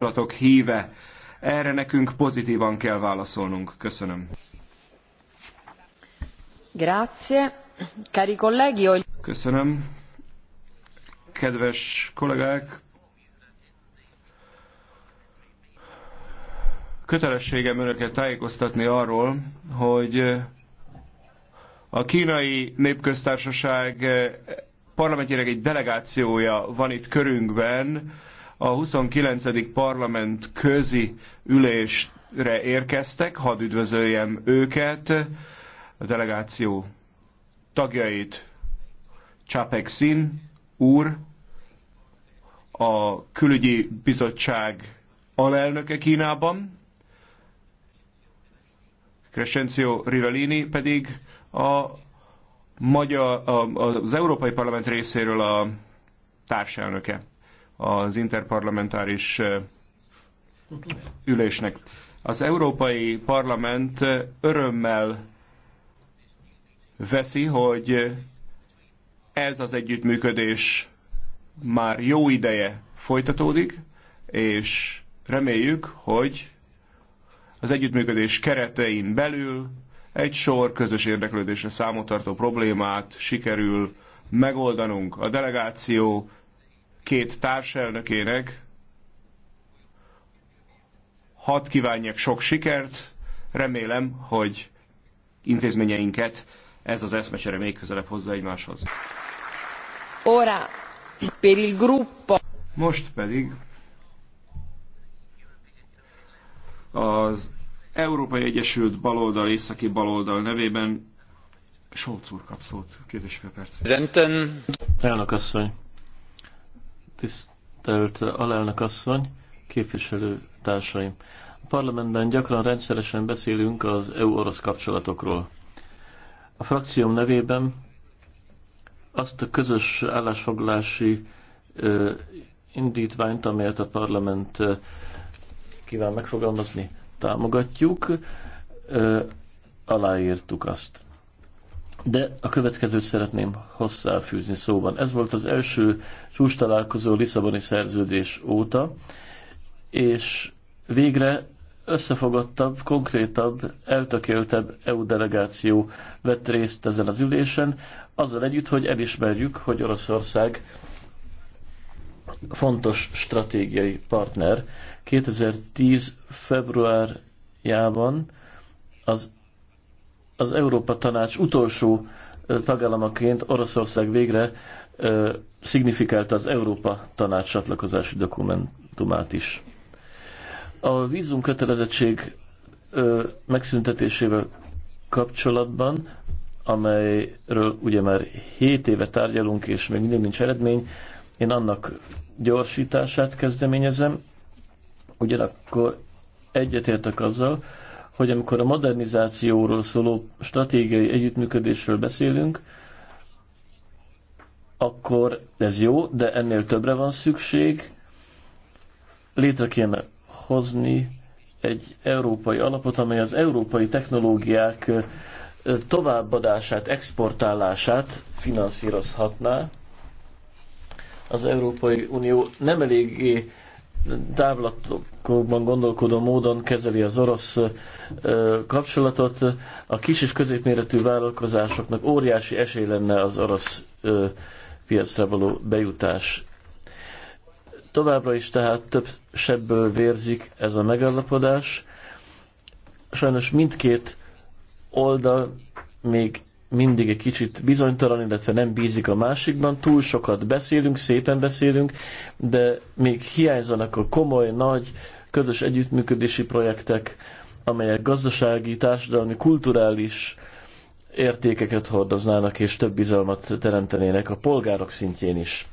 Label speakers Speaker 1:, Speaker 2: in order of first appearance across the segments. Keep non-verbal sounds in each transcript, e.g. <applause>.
Speaker 1: kapcsolatok híve. Erre nekünk pozitívan kell válaszolnunk. Köszönöm.
Speaker 2: Grazie. Cari colleghi,
Speaker 1: Köszönöm. Kedves kollégák, kötelességem önöket tájékoztatni arról, hogy a kínai népköztársaság parlamentjének egy delegációja van itt körünkben, a 29. parlament közi ülésre érkeztek, hadd üdvözöljem őket, a delegáció tagjait Csapek Szín úr, a külügyi bizottság alelnöke Kínában, Crescencio Rivellini pedig a magyar, az Európai Parlament részéről a társelnöke az interparlamentáris ülésnek. Az Európai Parlament örömmel veszi, hogy ez az együttműködés már jó ideje folytatódik, és reméljük, hogy az együttműködés keretein belül egy sor közös érdeklődésre számot tartó problémát sikerül megoldanunk. A delegáció két társelnökének hadd kívánjak sok sikert, remélem, hogy intézményeinket ez az eszmecsere még közelebb hozza egymáshoz. Ora, per il gruppo. Most pedig az Európai Egyesült Baloldal, Északi Baloldal nevében Solc úr kap szót. Két és fél perc.
Speaker 3: Elnök asszony, Tisztelt alelnök asszony, képviselő társaim! A parlamentben gyakran rendszeresen beszélünk az EU-orosz kapcsolatokról. A frakcióm nevében azt a közös állásfoglalási indítványt, amelyet a parlament kíván megfogalmazni, támogatjuk. aláírtuk azt de a következőt szeretném hozzáfűzni szóban. Ez volt az első csúcs találkozó Lisszaboni szerződés óta, és végre összefogottabb, konkrétabb, eltökéltebb EU delegáció vett részt ezen az ülésen, azzal együtt, hogy elismerjük, hogy Oroszország fontos stratégiai partner. 2010. februárjában az az Európa Tanács utolsó tagállamaként Oroszország végre ö, szignifikálta az Európa Tanács csatlakozási dokumentumát is. A vízum kötelezettség ö, megszüntetésével kapcsolatban, amelyről ugye már 7 éve tárgyalunk, és még mindig nincs eredmény, én annak gyorsítását kezdeményezem, ugyanakkor egyetértek azzal, hogy amikor a modernizációról szóló stratégiai együttműködésről beszélünk, akkor ez jó, de ennél többre van szükség. Létre kéne hozni egy európai alapot, amely az európai technológiák továbbadását, exportálását finanszírozhatná. Az Európai Unió nem eléggé távlatokban gondolkodó módon kezeli az orosz kapcsolatot. A kis és középméretű vállalkozásoknak óriási esély lenne az orosz piacra való bejutás. Továbbra is tehát több sebből vérzik ez a megállapodás. Sajnos mindkét oldal még mindig egy kicsit bizonytalan, illetve nem bízik a másikban. Túl sokat beszélünk, szépen beszélünk, de még hiányzanak a komoly, nagy, közös együttműködési projektek, amelyek gazdasági, társadalmi, kulturális értékeket hordoznának és több bizalmat teremtenének a polgárok szintjén is.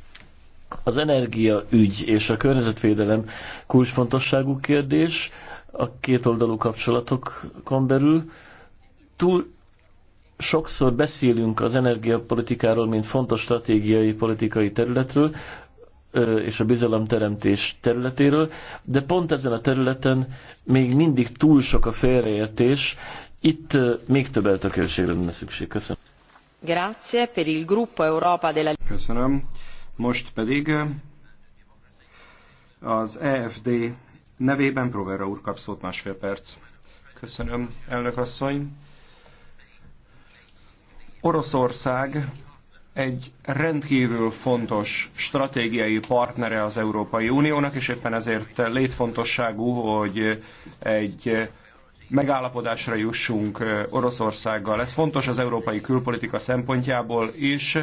Speaker 3: Az energiaügy és a környezetvédelem kulcsfontosságú kérdés a két oldalú kapcsolatokon belül. Túl sokszor beszélünk az energiapolitikáról, mint fontos stratégiai politikai területről, és a bizalomteremtés területéről, de pont ezen a területen még mindig túl sok a félreértés, itt még több eltökélségre lenne szükség. Köszönöm.
Speaker 2: Grazie per il gruppo Europa della... Köszönöm.
Speaker 1: Most pedig az EFD nevében Provera úr kap szót másfél perc. Köszönöm, elnök asszony. Oroszország egy rendkívül fontos stratégiai partnere az Európai Uniónak, és éppen ezért létfontosságú, hogy egy megállapodásra jussunk Oroszországgal. Ez fontos az európai külpolitika szempontjából is,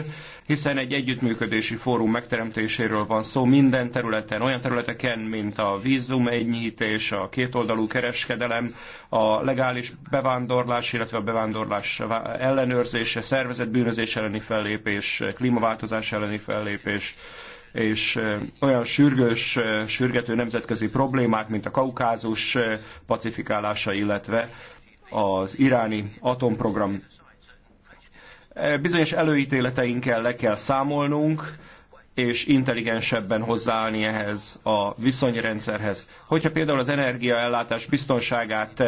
Speaker 1: hiszen egy együttműködési fórum megteremtéséről van szó minden területen, olyan területeken, mint a vízum enyhítés, a kétoldalú kereskedelem, a legális bevándorlás, illetve a bevándorlás ellenőrzése, szervezett bűnözés elleni fellépés, klímaváltozás elleni fellépés, és olyan sürgős, sürgető nemzetközi problémák, mint a kaukázus pacifikálása, illetve az iráni atomprogram. Bizonyos előítéleteinkkel le kell számolnunk, és intelligensebben hozzáállni ehhez a viszonyrendszerhez. Hogyha például az energiaellátás biztonságát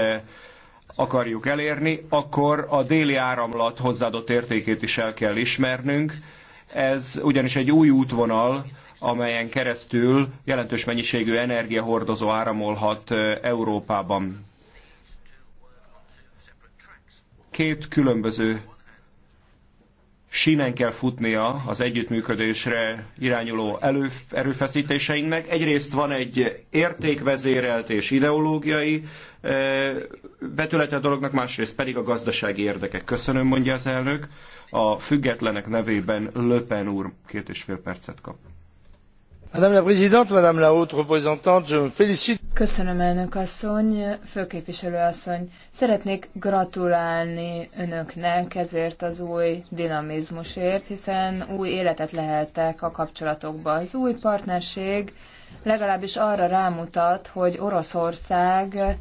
Speaker 1: akarjuk elérni, akkor a déli áramlat hozzáadott értékét is el kell ismernünk, ez ugyanis egy új útvonal, amelyen keresztül jelentős mennyiségű energiahordozó áramolhat Európában. Két különböző sínen kell futnia az együttműködésre irányuló elő, erőfeszítéseinknek. Egyrészt van egy értékvezérelt és ideológiai betülete eh, a dolognak, másrészt pedig a gazdasági érdekek. Köszönöm, mondja az elnök. A függetlenek nevében Löpen úr két
Speaker 2: és fél percet kap. Köszönöm, elnök asszony, főképviselő asszony. Szeretnék gratulálni önöknek ezért az új dinamizmusért, hiszen új életet leheltek a kapcsolatokba. Az új partnerség legalábbis arra rámutat, hogy Oroszország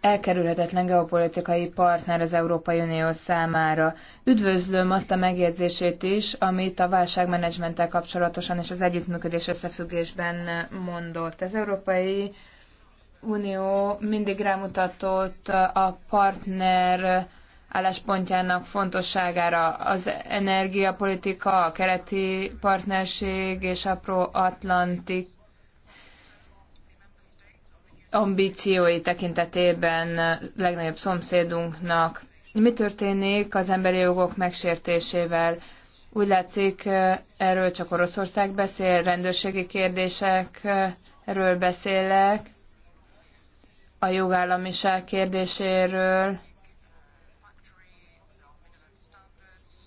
Speaker 2: elkerülhetetlen geopolitikai partner az Európai Unió számára. Üdvözlöm azt a megjegyzését is, amit a válságmenedzsmenttel kapcsolatosan és az együttműködés összefüggésben mondott. Az Európai Unió mindig rámutatott a partner álláspontjának fontosságára az energiapolitika, a keleti partnerség és a pro-atlantik ambíciói tekintetében legnagyobb szomszédunknak. Mi történik az emberi jogok megsértésével? Úgy látszik, erről csak Oroszország beszél, rendőrségi erről beszélek, a jogállamiság kérdéséről,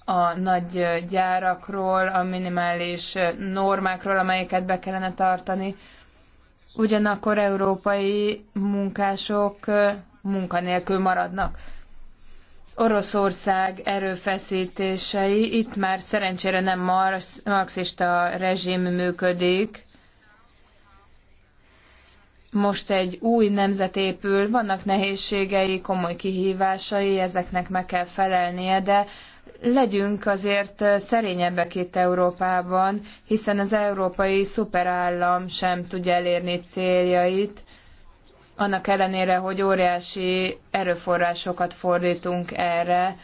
Speaker 2: a nagy gyárakról, a minimális normákról, amelyeket be kellene tartani ugyanakkor európai munkások munkanélkül maradnak. Oroszország erőfeszítései, itt már szerencsére nem marxista rezsim működik, most egy új nemzet épül, vannak nehézségei, komoly kihívásai, ezeknek meg kell felelnie, de legyünk azért szerényebbek itt Európában, hiszen az európai szuperállam sem tudja elérni céljait, annak ellenére, hogy óriási erőforrásokat fordítunk erre.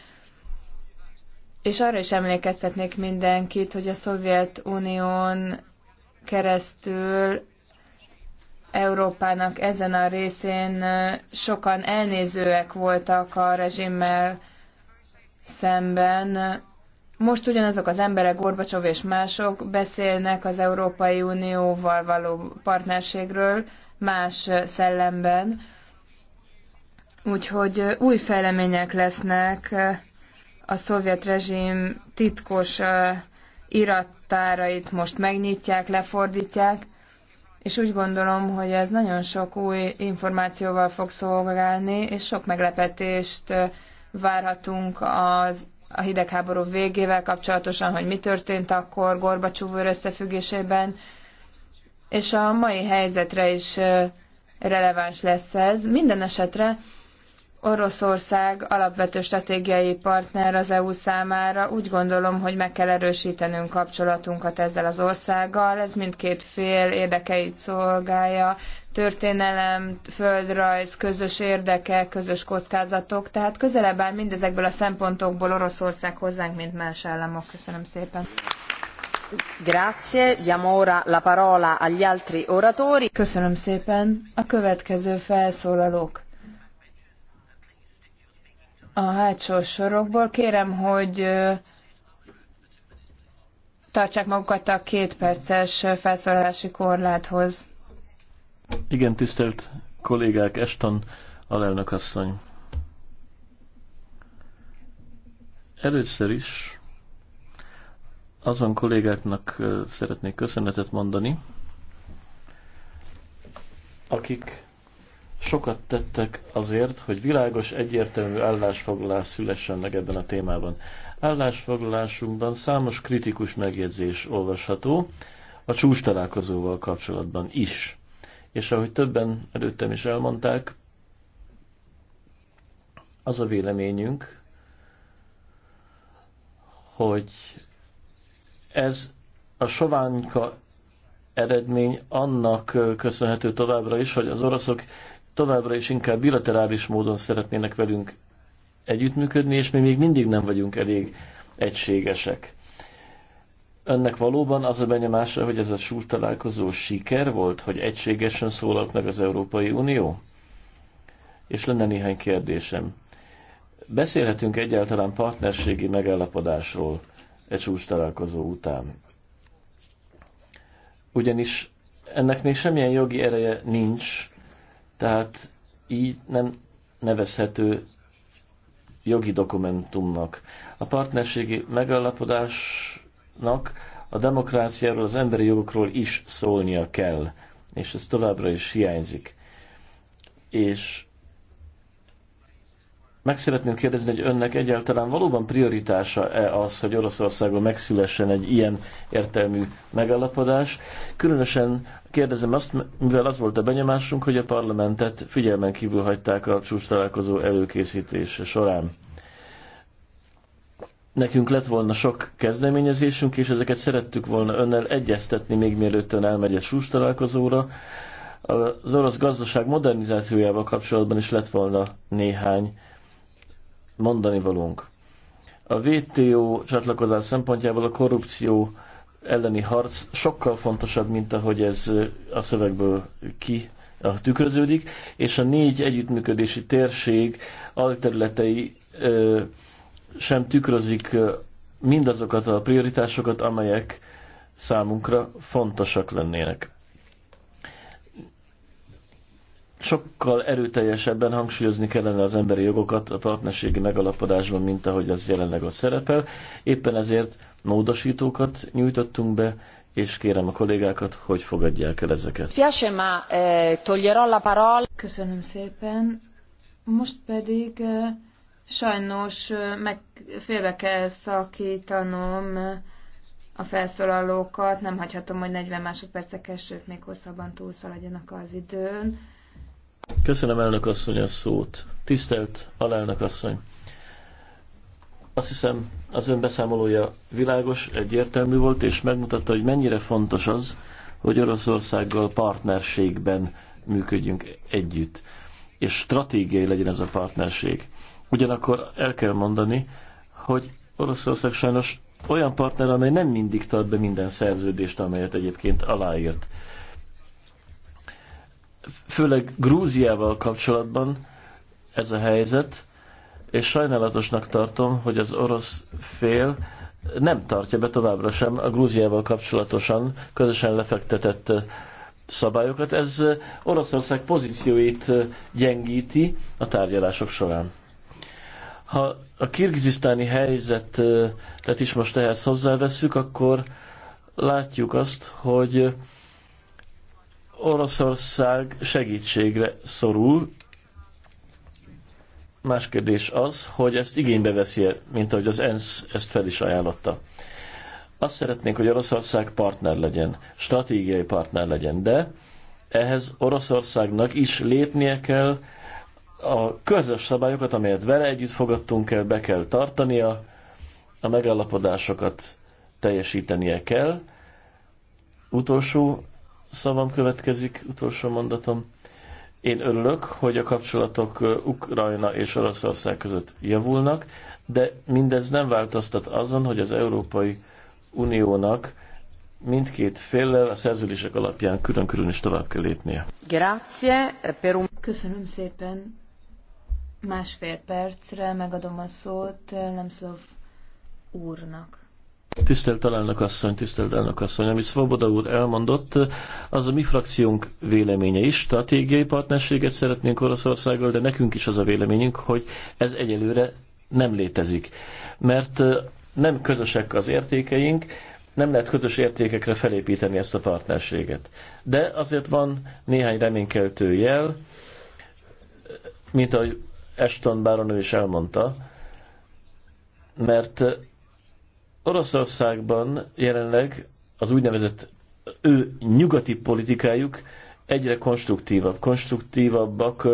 Speaker 2: És arra is emlékeztetnék mindenkit, hogy a Szovjetunión keresztül Európának ezen a részén sokan elnézőek voltak a rezsimmel szemben. Most ugyanazok az emberek, Gorbacsov és mások beszélnek az Európai Unióval való partnerségről más szellemben, úgyhogy új fejlemények lesznek a szovjet rezsim titkos irattárait most megnyitják, lefordítják, és úgy gondolom, hogy ez nagyon sok új információval fog szolgálni, és sok meglepetést várhatunk az a hidegháború végével kapcsolatosan, hogy mi történt akkor Gorbacsov összefüggésében, és a mai helyzetre is releváns lesz ez. Minden esetre Oroszország alapvető stratégiai partner az EU számára. Úgy gondolom, hogy meg kell erősítenünk kapcsolatunkat ezzel az országgal. Ez mindkét fél érdekeit szolgálja, történelem, földrajz, közös érdekek, közös kockázatok, tehát közelebb áll mindezekből a szempontokból Oroszország hozzánk, mint más államok. Köszönöm szépen. Grazie, diamo ora la parola agli altri oratori. Köszönöm szépen. A következő felszólalók. A hátsó sorokból kérem, hogy tartsák magukat a két perces felszólalási korláthoz.
Speaker 3: Igen, tisztelt kollégák, Eston alelnök asszony. Először is azon kollégáknak szeretnék köszönetet mondani, akik sokat tettek azért, hogy világos, egyértelmű állásfoglalás szülessen meg ebben a témában. Állásfoglalásunkban számos kritikus megjegyzés olvasható, a csúcs találkozóval kapcsolatban is és ahogy többen előttem is elmondták, az a véleményünk, hogy ez a soványka eredmény annak köszönhető továbbra is, hogy az oroszok továbbra is inkább bilaterális módon szeretnének velünk együttműködni, és mi még mindig nem vagyunk elég egységesek önnek valóban az a benyomása, hogy ez a súr találkozó siker volt, hogy egységesen szólalt meg az Európai Unió? És lenne néhány kérdésem. Beszélhetünk egyáltalán partnerségi megállapodásról e csúcs találkozó után. Ugyanis ennek még semmilyen jogi ereje nincs, tehát így nem nevezhető jogi dokumentumnak. A partnerségi megállapodás Nak a demokráciáról, az emberi jogokról is szólnia kell, és ez továbbra is hiányzik. És meg szeretném kérdezni, hogy önnek egyáltalán valóban prioritása-e az, hogy Oroszországon megszülessen egy ilyen értelmű megállapodás? Különösen kérdezem azt, mivel az volt a benyomásunk, hogy a parlamentet figyelmen kívül hagyták a csúcs találkozó előkészítése során. Nekünk lett volna sok kezdeményezésünk, és ezeket szerettük volna önnel egyeztetni, még mielőtt ön elmegy a sús találkozóra. Az orosz gazdaság modernizációjával kapcsolatban is lett volna néhány mondani valónk. A WTO csatlakozás szempontjából a korrupció elleni harc sokkal fontosabb, mint ahogy ez a szövegből ki tükröződik, és a négy együttműködési térség alterületei sem tükrözik mindazokat a prioritásokat, amelyek számunkra fontosak lennének. Sokkal erőteljesebben hangsúlyozni kellene az emberi jogokat a partnerségi megalapodásban, mint ahogy az jelenleg ott szerepel. Éppen ezért módosítókat nyújtottunk be, és kérem a kollégákat, hogy fogadják el ezeket.
Speaker 2: Eh, Köszönöm szépen. Most pedig eh, Sajnos meg félbe kell szakítanom a felszólalókat, nem hagyhatom, hogy 40 másodpercekkel, sőt még hosszabban túlszaladjanak az időn.
Speaker 3: Köszönöm elnök asszony a szót. Tisztelt alelnök asszony! Azt hiszem, az ön beszámolója világos, egyértelmű volt, és megmutatta, hogy mennyire fontos az, hogy Oroszországgal partnerségben működjünk együtt, és stratégiai legyen ez a partnerség. Ugyanakkor el kell mondani, hogy Oroszország sajnos olyan partner, amely nem mindig tart be minden szerződést, amelyet egyébként aláírt. Főleg Grúziával kapcsolatban ez a helyzet, és sajnálatosnak tartom, hogy az orosz fél nem tartja be továbbra sem a Grúziával kapcsolatosan közösen lefektetett szabályokat. Ez Oroszország pozícióit gyengíti a tárgyalások során. Ha a kirgizisztáni helyzetet is most ehhez hozzáveszünk, akkor látjuk azt, hogy Oroszország segítségre szorul. Más kérdés az, hogy ezt igénybe veszi -e, mint ahogy az ENSZ ezt fel is ajánlotta. Azt szeretnénk, hogy Oroszország partner legyen, stratégiai partner legyen, de ehhez Oroszországnak is lépnie kell, a közös szabályokat, amelyet vele együtt fogadtunk el, be kell tartania, a megállapodásokat teljesítenie kell. Utolsó szavam következik, utolsó mondatom. Én örülök, hogy a kapcsolatok Ukrajna és Oroszország között javulnak, de mindez nem változtat azon, hogy az Európai Uniónak mindkét féllel a szerződések alapján külön-külön is tovább kell lépnie.
Speaker 2: Grazie per un... Köszönöm szépen Másfél percre megadom a szót eh, Lemszlov úrnak.
Speaker 3: Tisztelt elnök asszony, tisztelt elnök asszony, ami Svoboda úr elmondott, az a mi frakciónk véleménye is. Stratégiai partnerséget szeretnénk Oroszországgal, de nekünk is az a véleményünk, hogy ez egyelőre nem létezik. Mert eh, nem közösek az értékeink, nem lehet közös értékekre felépíteni ezt a partnerséget. De azért van néhány reménykeltő jel, mint ahogy Eston ő is elmondta, mert Oroszországban jelenleg az úgynevezett ő nyugati politikájuk egyre konstruktívabb, konstruktívabbak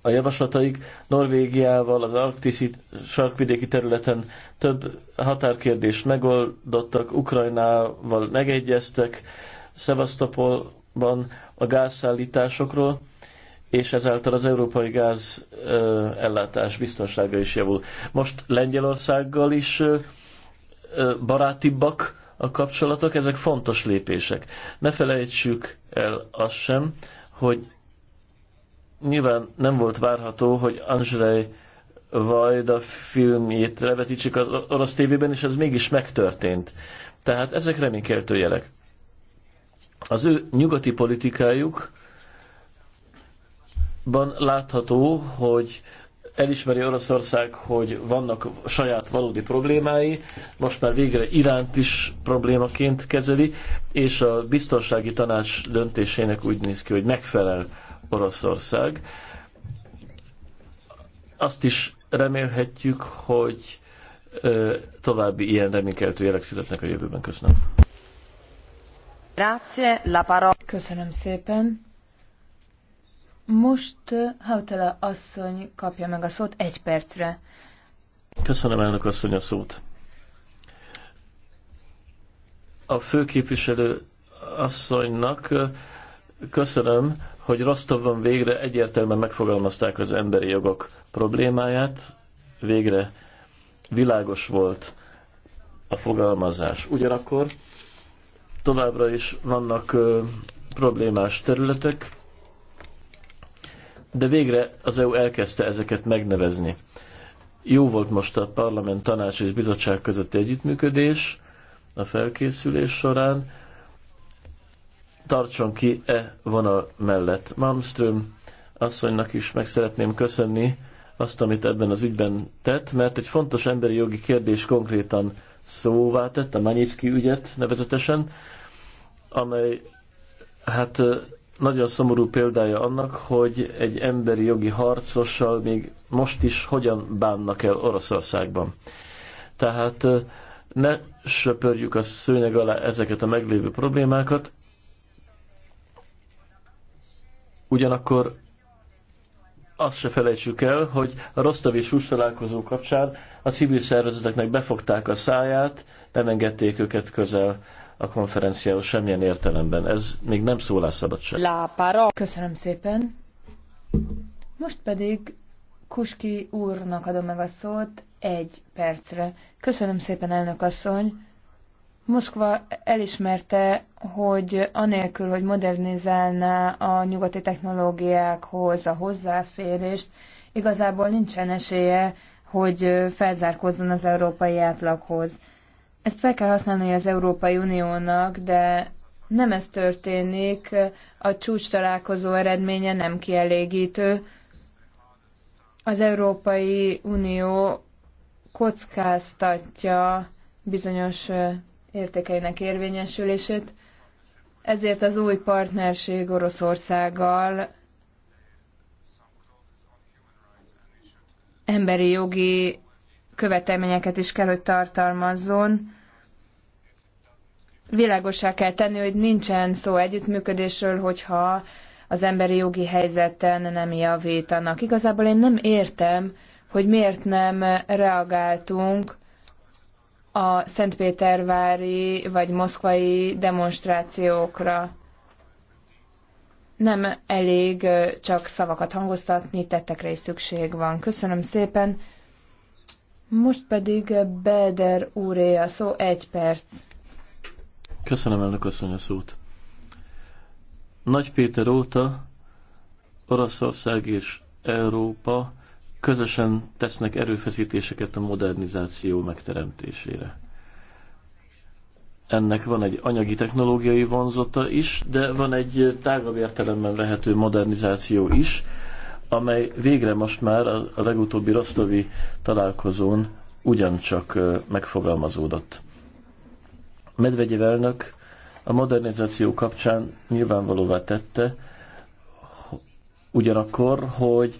Speaker 3: a javaslataik. Norvégiával az arktiszi sarkvidéki területen több határkérdést megoldottak, Ukrajnával megegyeztek, Szevasztopolban a gázszállításokról és ezáltal az európai gáz ellátás biztonsága is javul. Most Lengyelországgal is barátibbak a kapcsolatok, ezek fontos lépések. Ne felejtsük el azt sem, hogy nyilván nem volt várható, hogy Andrzej Vajda filmjét levetítsük az orosz tévében, és ez mégis megtörtént. Tehát ezek reménykeltő jelek. Az ő nyugati politikájuk ban látható, hogy elismeri Oroszország, hogy vannak saját valódi problémái, most már végre Iránt is problémaként kezeli, és a biztonsági tanács döntésének úgy néz ki, hogy megfelel Oroszország. Azt is remélhetjük, hogy további ilyen reménykeltő jelek születnek a jövőben. Köszönöm.
Speaker 2: Köszönöm szépen. Most uh, Hautala asszony kapja meg a szót egy percre.
Speaker 3: Köszönöm elnök asszony a szót. A főképviselő asszonynak uh, köszönöm, hogy Rostovban végre egyértelműen megfogalmazták az emberi jogok problémáját, végre világos volt a fogalmazás. Ugyanakkor továbbra is vannak uh, problémás területek, de végre az EU elkezdte ezeket megnevezni. Jó volt most a parlament, tanács és bizottság közötti együttműködés a felkészülés során. Tartson ki e vonal mellett. Malmström asszonynak is meg szeretném köszönni azt, amit ebben az ügyben tett, mert egy fontos emberi jogi kérdés konkrétan szóvá tett, a Manyicki ügyet nevezetesen, amely hát nagyon szomorú példája annak, hogy egy emberi jogi harcossal még most is hogyan bánnak el Oroszországban. Tehát ne söpörjük a szőnyeg alá ezeket a meglévő problémákat, ugyanakkor azt se felejtsük el, hogy a Rostov és Hus találkozó kapcsán a civil szervezeteknek befogták a száját, nem engedték őket közel a konferenciához semmilyen értelemben. Ez még nem szólásszabadság.
Speaker 2: La paro. Köszönöm szépen. Most pedig Kuski úrnak adom meg a szót egy percre. Köszönöm szépen, elnök asszony. Moszkva elismerte, hogy anélkül, hogy modernizálná a nyugati technológiákhoz a hozzáférést, igazából nincsen esélye, hogy felzárkózzon az európai átlaghoz. Ezt fel kell használni az Európai Uniónak, de nem ez történik, a csúcs találkozó eredménye nem kielégítő. Az Európai Unió kockáztatja bizonyos értékeinek érvényesülését, ezért az új partnerség Oroszországgal emberi jogi követelményeket is kell, hogy tartalmazzon, világosá kell tenni, hogy nincsen szó együttműködésről, hogyha az emberi jogi helyzeten nem javítanak. Igazából én nem értem, hogy miért nem reagáltunk a Szentpétervári vagy moszkvai demonstrációkra. Nem elég csak szavakat hangoztatni, tettekre is szükség van. Köszönöm szépen. Most pedig Beder úré a szó egy perc.
Speaker 3: Köszönöm elnök asszony a szót. Nagy Péter óta Oroszország és Európa közösen tesznek erőfeszítéseket a modernizáció megteremtésére. Ennek van egy anyagi technológiai vonzata is, de van egy tágabb értelemben vehető modernizáció is, amely végre most már a legutóbbi rosztovi találkozón ugyancsak megfogalmazódott. Medvegyev elnök a modernizáció kapcsán nyilvánvalóvá tette, ugyanakkor, hogy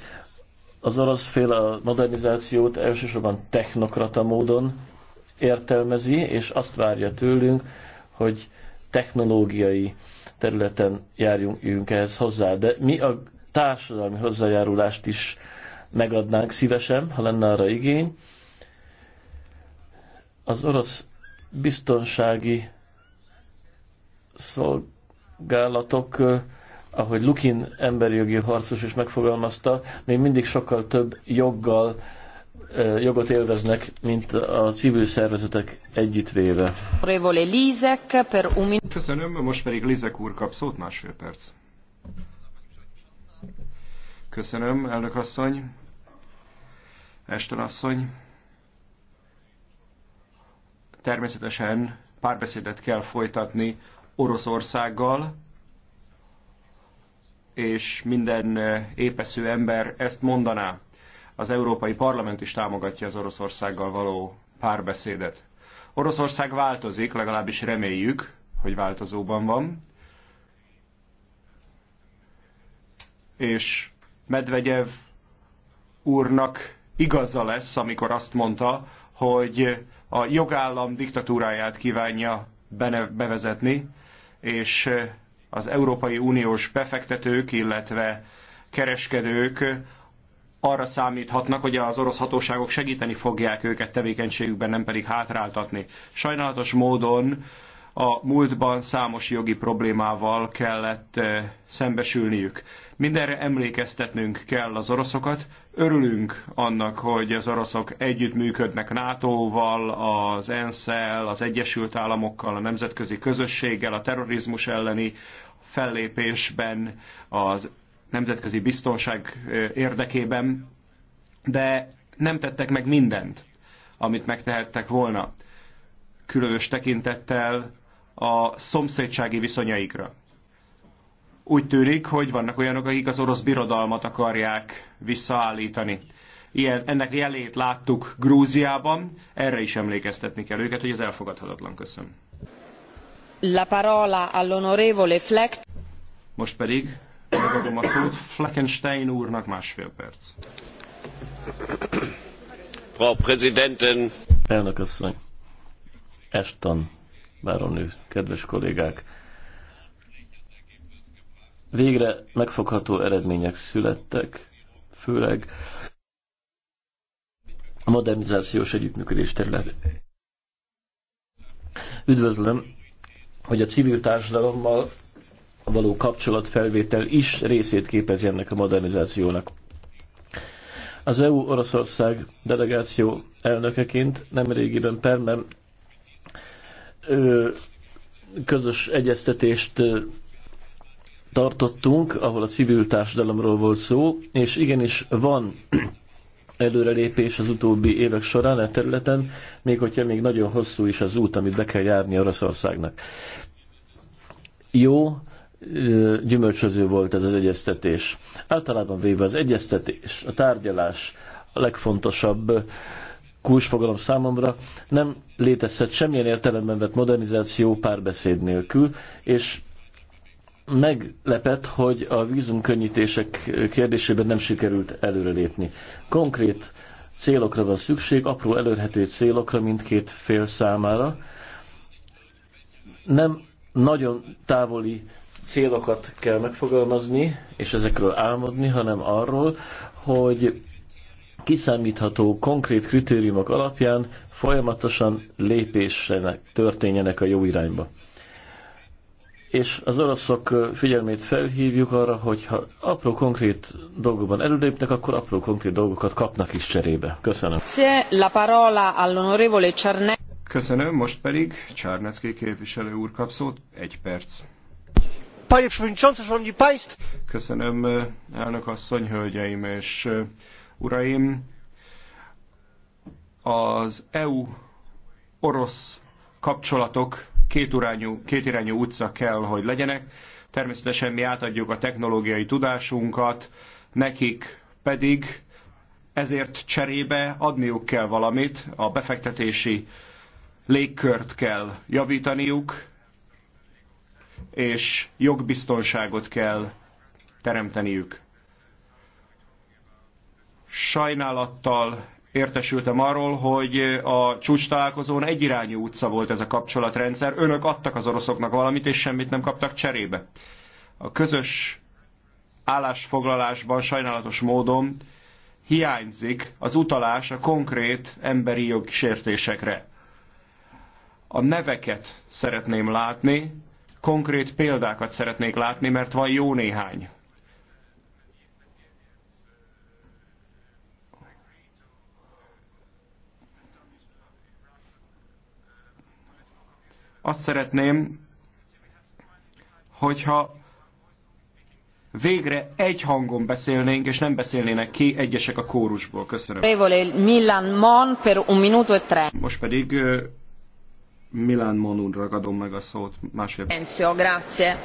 Speaker 3: az orosz fél a modernizációt elsősorban technokrata módon értelmezi, és azt várja tőlünk, hogy technológiai területen járjunk ehhez hozzá. De mi a társadalmi hozzájárulást is megadnánk szívesen, ha lenne arra igény. Az orosz biztonsági szolgálatok, ahogy Lukin emberi jogi harcos is megfogalmazta, még mindig sokkal több joggal jogot élveznek, mint a civil szervezetek együttvéve.
Speaker 1: Köszönöm, most pedig Lizek úr kap szót, másfél perc. Köszönöm, elnök asszony. Estel asszony. Természetesen párbeszédet kell folytatni Oroszországgal, és minden eh, épesző ember ezt mondaná. Az Európai Parlament is támogatja az Oroszországgal való párbeszédet. Oroszország változik, legalábbis reméljük, hogy változóban van. És Medvegyev úrnak igaza lesz, amikor azt mondta, hogy a jogállam diktatúráját kívánja bevezetni, és az Európai Uniós befektetők, illetve kereskedők arra számíthatnak, hogy az orosz hatóságok segíteni fogják őket tevékenységükben, nem pedig hátráltatni. Sajnálatos módon a múltban számos jogi problémával kellett szembesülniük. Mindenre emlékeztetnünk kell az oroszokat. Örülünk annak, hogy az oroszok együttműködnek NATO-val, az ENSZ-el, az Egyesült Államokkal, a nemzetközi közösséggel, a terrorizmus elleni fellépésben, az nemzetközi biztonság érdekében, de nem tettek meg mindent, amit megtehettek volna. Különös tekintettel a szomszédsági viszonyaikra. Úgy tűnik, hogy vannak olyanok, akik az orosz birodalmat akarják visszaállítani. Ilyen, ennek jelét láttuk Grúziában, erre is emlékeztetni kell őket, hogy ez elfogadhatatlan. Köszönöm.
Speaker 2: La parola all'onorevole Fleck.
Speaker 1: Most pedig megadom a szót Fleckenstein úrnak másfél perc. Frau Präsidentin!
Speaker 3: Elnök asszony, Eston Báronő, kedves kollégák! Végre megfogható eredmények születtek, főleg a modernizációs együttműködés területén. Üdvözlöm, hogy a civil társadalommal való kapcsolatfelvétel is részét képezi ennek a modernizációnak. Az EU-Oroszország delegáció elnökeként nemrégiben Permen közös egyeztetést tartottunk, ahol a civil társadalomról volt szó, és igenis van <clears throat> előrelépés az utóbbi évek során a e területen, még hogyha még nagyon hosszú is az út, amit be kell járni Oroszországnak. Jó, gyümölcsöző volt ez az egyeztetés. Általában véve az egyeztetés, a tárgyalás a legfontosabb kulcsfogalom számomra, nem létezhet semmilyen értelemben vett modernizáció párbeszéd nélkül, és meglepett, hogy a vízumkönnyítések kérdésében nem sikerült előrelépni. Konkrét célokra van szükség, apró előrhető célokra mindkét fél számára. Nem nagyon távoli célokat kell megfogalmazni, és ezekről álmodni, hanem arról, hogy kiszámítható konkrét kritériumok alapján folyamatosan lépésenek történjenek a jó irányba. És az oroszok figyelmét felhívjuk arra, hogy ha apró konkrét dolgokban előlépnek, akkor apró konkrét dolgokat kapnak is cserébe. Köszönöm.
Speaker 1: Köszönöm, most pedig Csárnecki képviselő úr kap szót. Egy perc. Köszönöm, elnök asszony, hölgyeim és uraim! Az EU-orosz kapcsolatok kétirányú, irányú utca kell, hogy legyenek. Természetesen mi átadjuk a technológiai tudásunkat, nekik pedig ezért cserébe adniuk kell valamit, a befektetési légkört kell javítaniuk, és jogbiztonságot kell teremteniük sajnálattal értesültem arról, hogy a csúcs találkozón egyirányú utca volt ez a kapcsolatrendszer. Önök adtak az oroszoknak valamit, és semmit nem kaptak cserébe. A közös állásfoglalásban sajnálatos módon hiányzik az utalás a konkrét emberi jogsértésekre. A neveket szeretném látni, konkrét példákat szeretnék látni, mert van jó néhány. Azt szeretném, hogyha végre egy hangon beszélnénk, és nem beszélnének ki egyesek a kórusból. Köszönöm.
Speaker 2: Milan Mon per un minuto e tre.
Speaker 1: Most pedig Milan Monun ragadom meg a szót másfél.
Speaker 2: Encio, grazie.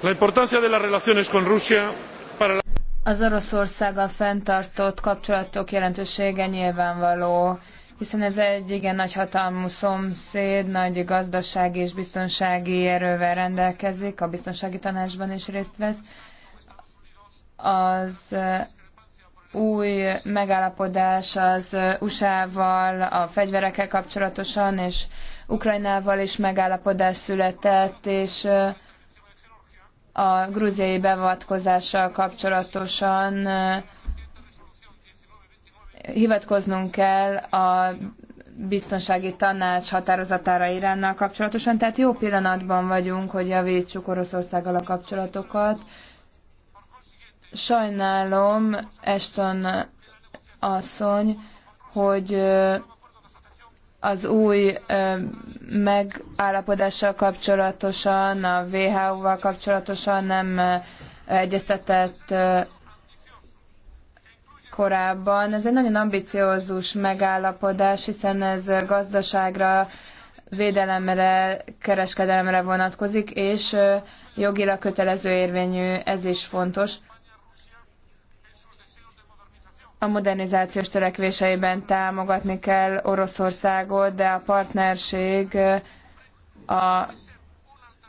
Speaker 3: La importancia de las relaciones con Rusia para la...
Speaker 2: Az Oroszországgal fenntartott kapcsolatok jelentősége nyilvánvaló hiszen ez egy igen nagy hatalmú szomszéd, nagy gazdasági és biztonsági erővel rendelkezik, a biztonsági tanácsban is részt vesz. Az uh, új megállapodás az USA-val, uh, a fegyverekkel kapcsolatosan, és Ukrajnával is megállapodás született, és uh, a grúziai beavatkozással kapcsolatosan hivatkoznunk kell a biztonsági tanács határozatára Iránnal kapcsolatosan, tehát jó pillanatban vagyunk, hogy javítsuk Oroszországgal a kapcsolatokat. Sajnálom, Eston asszony, hogy az új megállapodással kapcsolatosan, a WHO-val kapcsolatosan nem egyeztetett korábban. Ez egy nagyon ambiciózus megállapodás, hiszen ez gazdaságra, védelemre, kereskedelemre vonatkozik, és jogilag kötelező érvényű, ez is fontos. A modernizációs törekvéseiben támogatni kell Oroszországot, de a partnerség a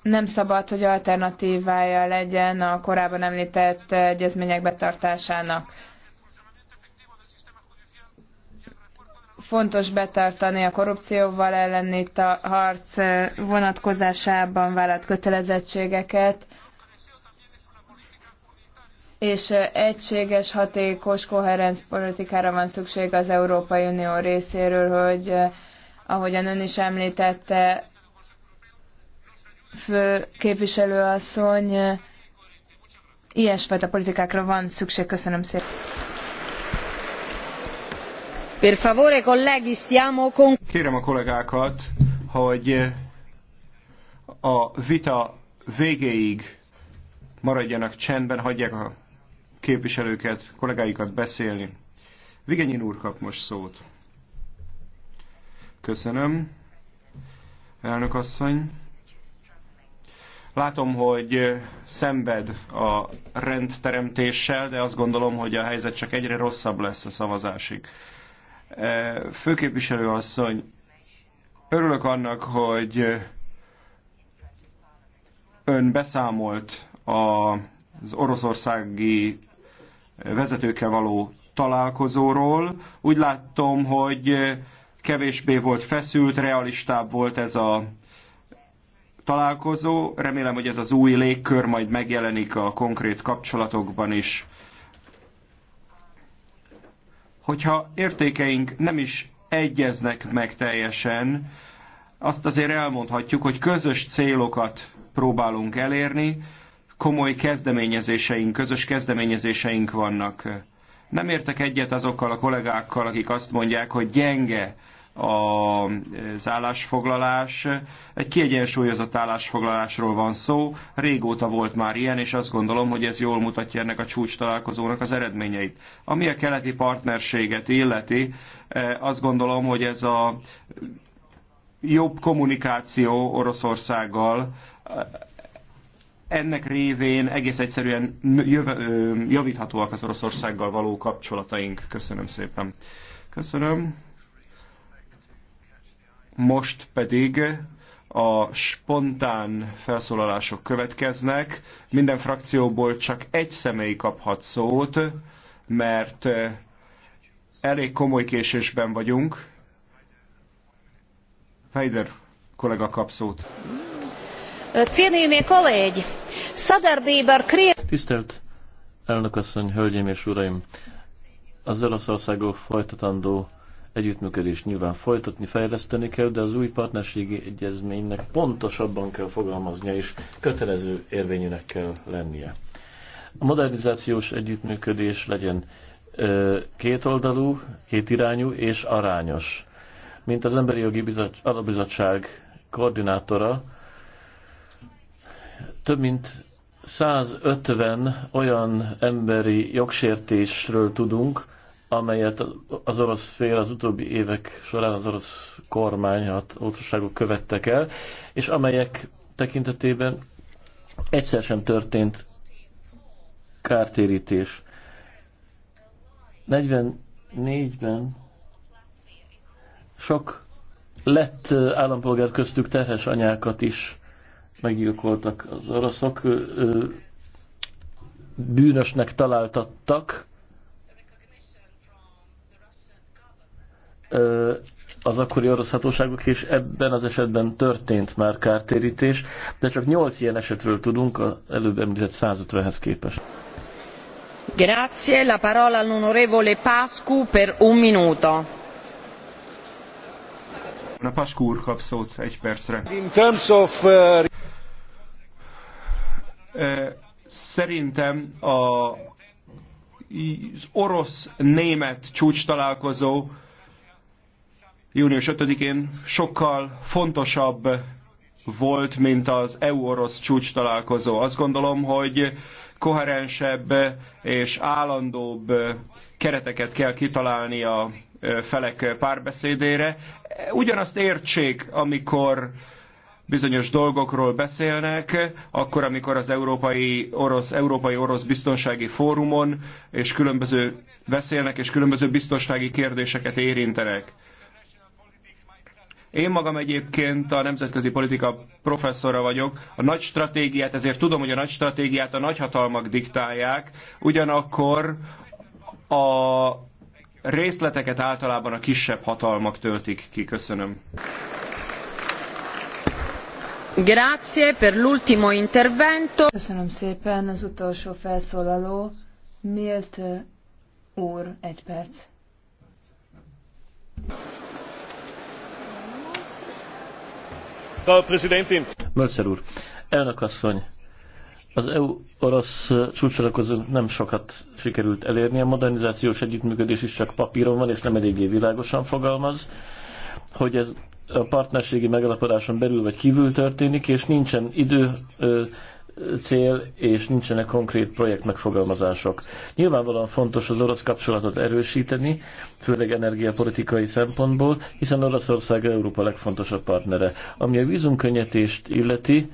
Speaker 2: nem szabad, hogy alternatívája legyen a korábban említett egyezmények betartásának. fontos betartani a korrupcióval elleni a harc eh, vonatkozásában vállalt kötelezettségeket, és eh, egységes, hatékos, koherens politikára van szükség az Európai Unió részéről, hogy eh, ahogyan ön is említette, fő képviselőasszony, ilyesfajta politikákra van szükség. Köszönöm szépen. Per favore, colleghi, stiamo con...
Speaker 1: Kérem a kollégákat, hogy a vita végéig maradjanak csendben, hagyják a képviselőket, kollégáikat beszélni. Vigenyin úr kap most szót. Köszönöm. Elnök asszony. Látom, hogy szenved a rendteremtéssel, de azt gondolom, hogy a helyzet csak egyre rosszabb lesz a szavazásig. Főképviselő asszony, örülök annak, hogy ön beszámolt az oroszországi vezetőkkel való találkozóról. Úgy látom, hogy kevésbé volt feszült, realistább volt ez a találkozó. Remélem, hogy ez az új légkör majd megjelenik a konkrét kapcsolatokban is hogyha értékeink nem is egyeznek meg teljesen, azt azért elmondhatjuk, hogy közös célokat próbálunk elérni, komoly kezdeményezéseink, közös kezdeményezéseink vannak. Nem értek egyet azokkal a kollégákkal, akik azt mondják, hogy gyenge az állásfoglalás. Egy kiegyensúlyozott állásfoglalásról van szó, régóta volt már ilyen, és azt gondolom, hogy ez jól mutatja ennek a csúcs találkozónak az eredményeit. Ami a keleti partnerséget illeti, eh, azt gondolom, hogy ez a jobb kommunikáció Oroszországgal eh, ennek révén egész egyszerűen javíthatóak az Oroszországgal való kapcsolataink. Köszönöm szépen. Köszönöm. Most pedig a spontán felszólalások következnek. Minden frakcióból csak egy személy kaphat szót, mert eh, elég komoly késésben vagyunk. Fejder kollega kap szót. Tisztelt elnökasszony,
Speaker 3: hölgyeim és uraim! Az Oroszországról folytatandó együttműködést nyilván folytatni, fejleszteni kell, de az új partnerségi egyezménynek pontosabban kell fogalmaznia, és kötelező érvényűnek kell lennie. A modernizációs együttműködés legyen kétoldalú, kétirányú és arányos. Mint az Emberi Jogi Alapbizottság koordinátora, több mint 150 olyan emberi jogsértésről tudunk, amelyet az orosz fél az utóbbi évek során az orosz kormány, hat óvatosságok követtek el, és amelyek tekintetében egyszer sem történt kártérítés. 44-ben sok lett állampolgár köztük terhes anyákat is meggyilkoltak az oroszok, bűnösnek találtattak, az akkori orosz hatóságok, és ebben az esetben történt már kártérítés, de csak 8 ilyen esetről tudunk az előbb említett 150-hez képest.
Speaker 2: Grazie, la parola all'onorevole Pascu per un minuto.
Speaker 1: Na Pascu úr kap szót egy percre. In terms of... Uh... Szerintem a, az orosz-német csúcs találkozó június 5-én sokkal fontosabb volt, mint az EU-orosz csúcs találkozó. Azt gondolom, hogy koherensebb és állandóbb kereteket kell kitalálni a felek párbeszédére. Ugyanazt értsék, amikor bizonyos dolgokról beszélnek, akkor, amikor az Európai Orosz, Európai Orosz Biztonsági Fórumon és különböző beszélnek, és különböző biztonsági kérdéseket érintenek. Én magam egyébként a nemzetközi politika professzora vagyok. A nagy stratégiát, ezért tudom, hogy a nagy stratégiát a nagyhatalmak diktálják, ugyanakkor a részleteket általában a kisebb hatalmak töltik ki. Köszönöm.
Speaker 2: Grazie per l'ultimo intervento. Köszönöm szépen az utolsó felszólaló. Milt uh, úr, egy perc.
Speaker 3: Frau Präsidentin! úr, elnök asszony, az EU-orosz csúcsorokhoz nem sokat sikerült elérni, a modernizációs együttműködés is csak papíron van, és nem eléggé világosan fogalmaz, hogy ez a partnerségi megalapodáson belül vagy kívül történik, és nincsen idő cél, és nincsenek konkrét projekt megfogalmazások. Nyilvánvalóan fontos az orosz kapcsolatot erősíteni, főleg energiapolitikai szempontból, hiszen Oroszország Európa legfontosabb partnere. Ami a vízumkönnyetést illeti,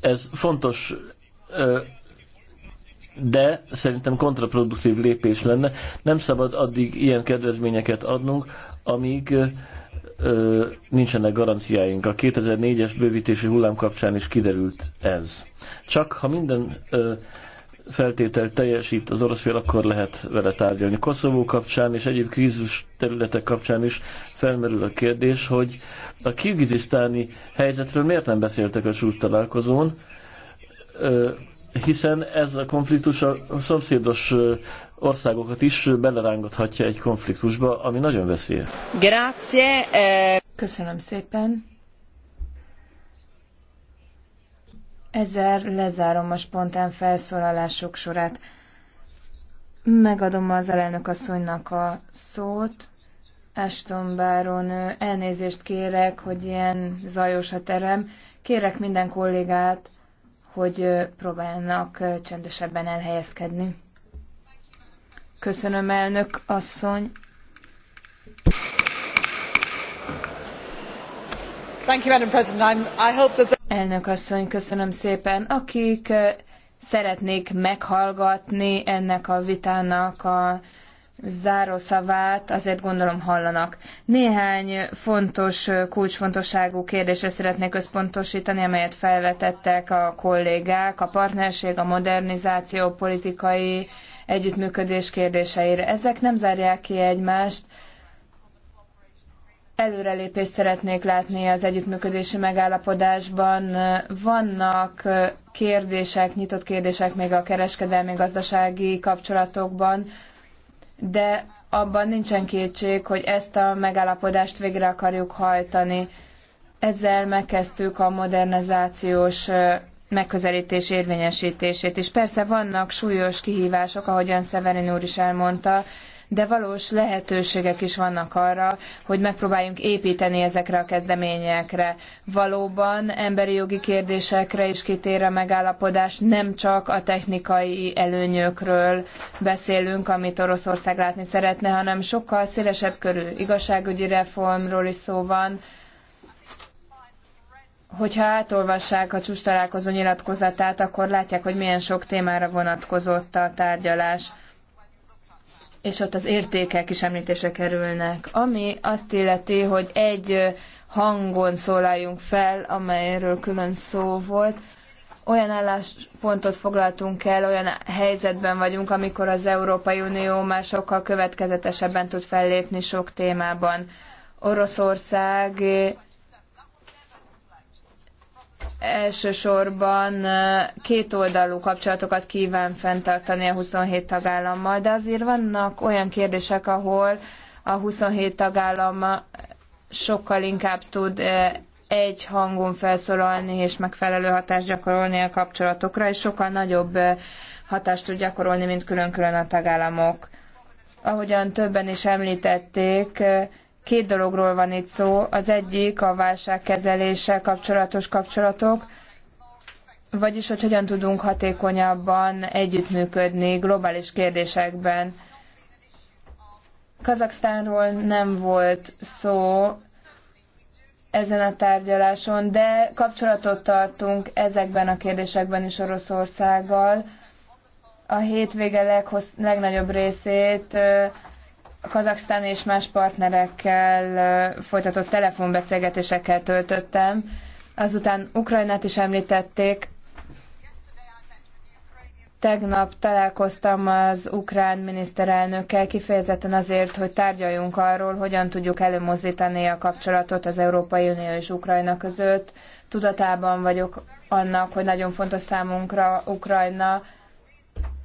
Speaker 3: ez fontos, de szerintem kontraproduktív lépés lenne. Nem szabad addig ilyen kedvezményeket adnunk, amíg ö, nincsenek garanciáink. A 2004-es bővítési hullám kapcsán is kiderült ez. Csak ha minden ö, feltétel teljesít az orosz fél, akkor lehet vele tárgyalni. Koszovó kapcsán és egyéb krízus területek kapcsán is felmerül a kérdés, hogy a kirgizisztáni helyzetről miért nem beszéltek a csúcs találkozón, hiszen ez a konfliktus a szomszédos országokat is belerángathatja egy konfliktusba, ami nagyon veszélyes.
Speaker 2: Grazie. Eh. Köszönöm szépen. Ezzel lezárom a spontán felszólalások sorát. Megadom az elnök asszonynak a szót. Eston Báron, elnézést kérek, hogy ilyen zajos a terem. Kérek minden kollégát, hogy eh, próbálnak eh, csendesebben elhelyezkedni. Köszönöm, elnök asszony. Thank you, Madam President. I hope that the... Elnök asszony, köszönöm szépen. Akik szeretnék meghallgatni ennek a vitának a zárószavát, azért gondolom hallanak. Néhány fontos, kulcsfontosságú kérdésre szeretnék összpontosítani, amelyet felvetettek a kollégák, a partnerség, a modernizáció, politikai együttműködés kérdéseire. Ezek nem zárják ki egymást. Előrelépést szeretnék látni az együttműködési megállapodásban. Vannak kérdések, nyitott kérdések még a kereskedelmi gazdasági kapcsolatokban, de abban nincsen kétség, hogy ezt a megállapodást végre akarjuk hajtani. Ezzel megkezdtük a modernizációs megközelítés érvényesítését is. Persze vannak súlyos kihívások, ahogyan Severin úr is elmondta, de valós lehetőségek is vannak arra, hogy megpróbáljunk építeni ezekre a kezdeményekre. Valóban emberi jogi kérdésekre is kitér a megállapodás, nem csak a technikai előnyökről beszélünk, amit Oroszország látni szeretne, hanem sokkal szélesebb körű igazságügyi reformról is szó van, hogyha átolvassák a csúcs találkozó nyilatkozatát, akkor látják, hogy milyen sok témára vonatkozott a tárgyalás, és ott az értékek is említése kerülnek. Ami azt illeti, hogy egy hangon szólaljunk fel, amelyről külön szó volt, olyan álláspontot foglaltunk el, olyan helyzetben vagyunk, amikor az Európai Unió már sokkal következetesebben tud fellépni sok témában. Oroszország elsősorban kétoldalú kapcsolatokat kíván fenntartani a 27 tagállammal, de azért vannak olyan kérdések, ahol a 27 tagállam sokkal inkább tud egy hangon felszólalni és megfelelő hatást gyakorolni a kapcsolatokra, és sokkal nagyobb hatást tud gyakorolni, mint külön-külön a tagállamok. Ahogyan többen is említették, Két dologról van itt szó. Az egyik a válságkezeléssel kapcsolatos kapcsolatok, vagyis hogy hogyan tudunk hatékonyabban együttműködni globális kérdésekben. Kazaksztánról nem volt szó ezen a tárgyaláson, de kapcsolatot tartunk ezekben a kérdésekben is Oroszországgal. A hétvége legnagyobb részét Kazaksztán és más partnerekkel folytatott telefonbeszélgetésekkel töltöttem. Azután Ukrajnát is említették. Tegnap találkoztam az ukrán miniszterelnökkel kifejezetten azért, hogy tárgyaljunk arról, hogyan tudjuk előmozdítani a kapcsolatot az Európai Unió és Ukrajna között. Tudatában vagyok annak, hogy nagyon fontos számunkra Ukrajna,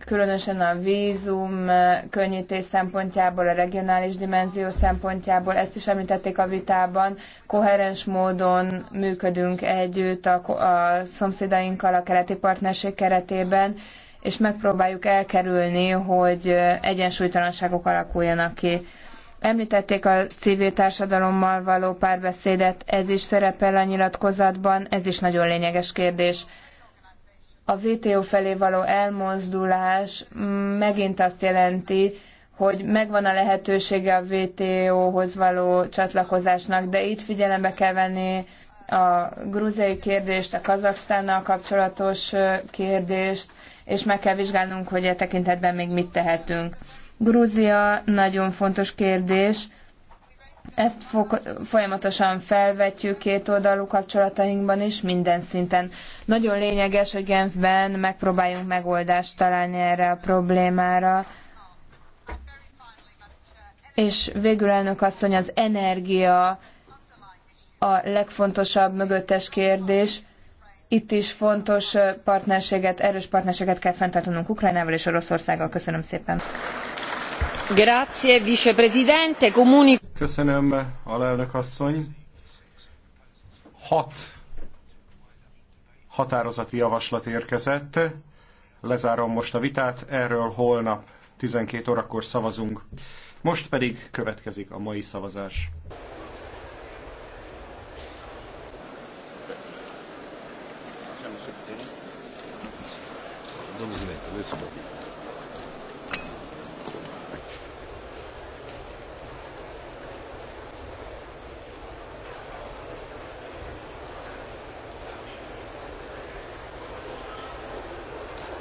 Speaker 2: különösen a vízum eh, könnyítés szempontjából, a regionális dimenzió szempontjából, ezt is említették a vitában, koherens módon működünk együtt a, a szomszédainkkal a keleti partnerség keretében, és megpróbáljuk elkerülni, hogy eh, egyensúlytalanságok alakuljanak ki. Említették a civil társadalommal való párbeszédet, ez is szerepel a nyilatkozatban, ez is nagyon lényeges kérdés a WTO felé való elmozdulás megint azt jelenti, hogy megvan a lehetősége a WTO-hoz való csatlakozásnak, de itt figyelembe kell venni a grúziai kérdést, a Kazaksztánnal kapcsolatos kérdést, és meg kell vizsgálnunk, hogy e tekintetben még mit tehetünk. Grúzia nagyon fontos kérdés, ezt folyamatosan felvetjük két oldalú kapcsolatainkban is, minden szinten. Nagyon lényeges, hogy Genfben megpróbáljunk megoldást találni erre a problémára. És végül elnök asszony, az energia a legfontosabb mögöttes kérdés. Itt is fontos partnerséget, erős partnerséget kell fenntartanunk Ukrajnával és Oroszországgal. Köszönöm szépen. Grazie, vicepresidente. Comunico.
Speaker 1: Köszönöm, alelnök asszony. Hat határozati javaslat érkezett. Lezárom most a vitát, erről holnap 12 órakor szavazunk. Most pedig következik a mai szavazás. Köszönöm szépen.